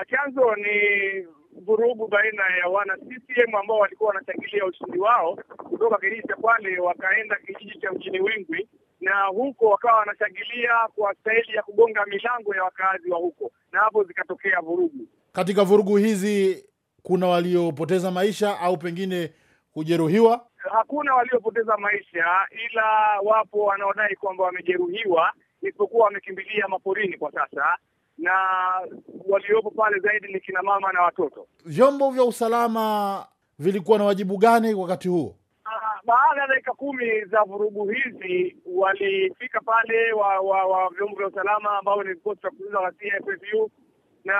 Ah, chanzo ni vurugu baina ya wana CCM ambao walikuwa wanashangilia ushindi wao kutoka cha pale, wakaenda kijiji cha mjini Wingwi na huko wakawa wanashangilia kwa staili ya kugonga milango ya wakazi wa huko, na hapo zikatokea vurugu. Katika vurugu hizi kuna waliopoteza maisha au pengine kujeruhiwa? Hakuna waliopoteza maisha, ila wapo wanaodai kwamba wamejeruhiwa, isipokuwa wamekimbilia maporini kwa sasa na waliopo pale zaidi ni kina mama na watoto. Vyombo vya usalama vilikuwa na wajibu gani wakati huo? Ah, baada ya dakika kumi za vurugu hizi, walifika pale wa, wa, wa vyombo vya usalama ambao ni vikosi vya kuzuia ghasia FFU, na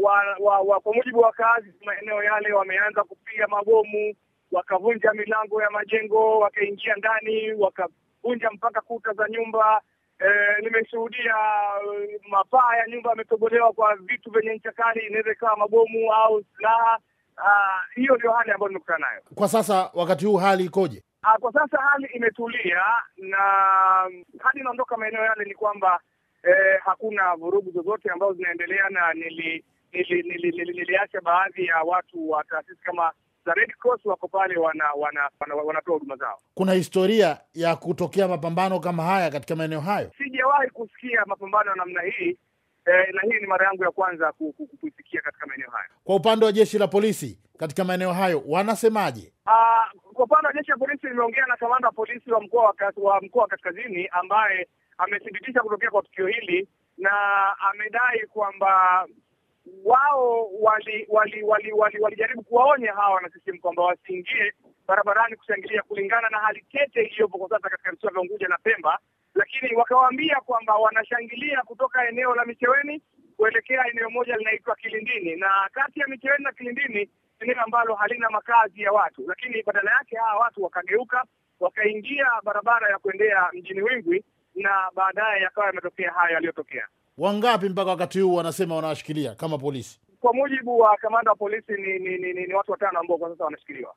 wa, wa, wa, kwa mujibu wa kazi maeneo yale, wameanza kupiga mabomu, wakavunja milango ya majengo, wakaingia ndani, wakavunja mpaka kuta za nyumba E, nimeshuhudia eh, mapaa ya nyumba yametobolewa kwa vitu vyenye ncha kali, inaweza ikawa mabomu au silaha. Ah, hiyo ndio hali ambayo nimekutana nayo kwa sasa. Wakati huu hali ikoje? Aa, ah, kwa sasa hali imetulia na hadi inaondoka maeneo yale ni kwamba eh, hakuna vurugu zozote ambazo zinaendelea, na nili niliacha nili, nili, nili baadhi ya watu wa taasisi kama za Red Cross wako pale, wana wanatoa wana, wana, wana huduma zao. Kuna historia ya kutokea mapambano kama haya katika maeneo hayo? Sijawahi kusikia mapambano ya namna hii eh, na hii ni mara yangu ya kwanza kuisikia katika maeneo hayo. Kwa upande wa jeshi la polisi katika maeneo hayo wanasemaje? Ah, kwa upande wa jeshi la polisi limeongea na kamanda wa polisi wa mkoa wa mkoa wa Kaskazini ambaye amethibitisha kutokea kwa tukio hili na amedai kwamba wao walijaribu wali, wali, wali, wali kuwaonya hawa wana wanasisemu kwamba wasiingie barabarani kushangilia kulingana na hali tete iliyopo kwa sasa katika visiwa vya Unguja na Pemba, lakini wakawaambia kwamba wanashangilia kutoka eneo la Micheweni kuelekea eneo moja linaitwa Kilindini, na kati ya Micheweni na Kilindini eneo ambalo halina makazi ya watu, lakini badala yake hawa watu wakageuka wakaingia barabara ya kuendea mjini Wingwi na baadaye yakawa yametokea haya yaliyotokea. Wangapi mpaka wakati huu wanasema wanawashikilia kama polisi? Kwa mujibu wa kamanda wa polisi ni, ni, ni, ni, ni watu watano ambao kwa sasa wanashikiliwa.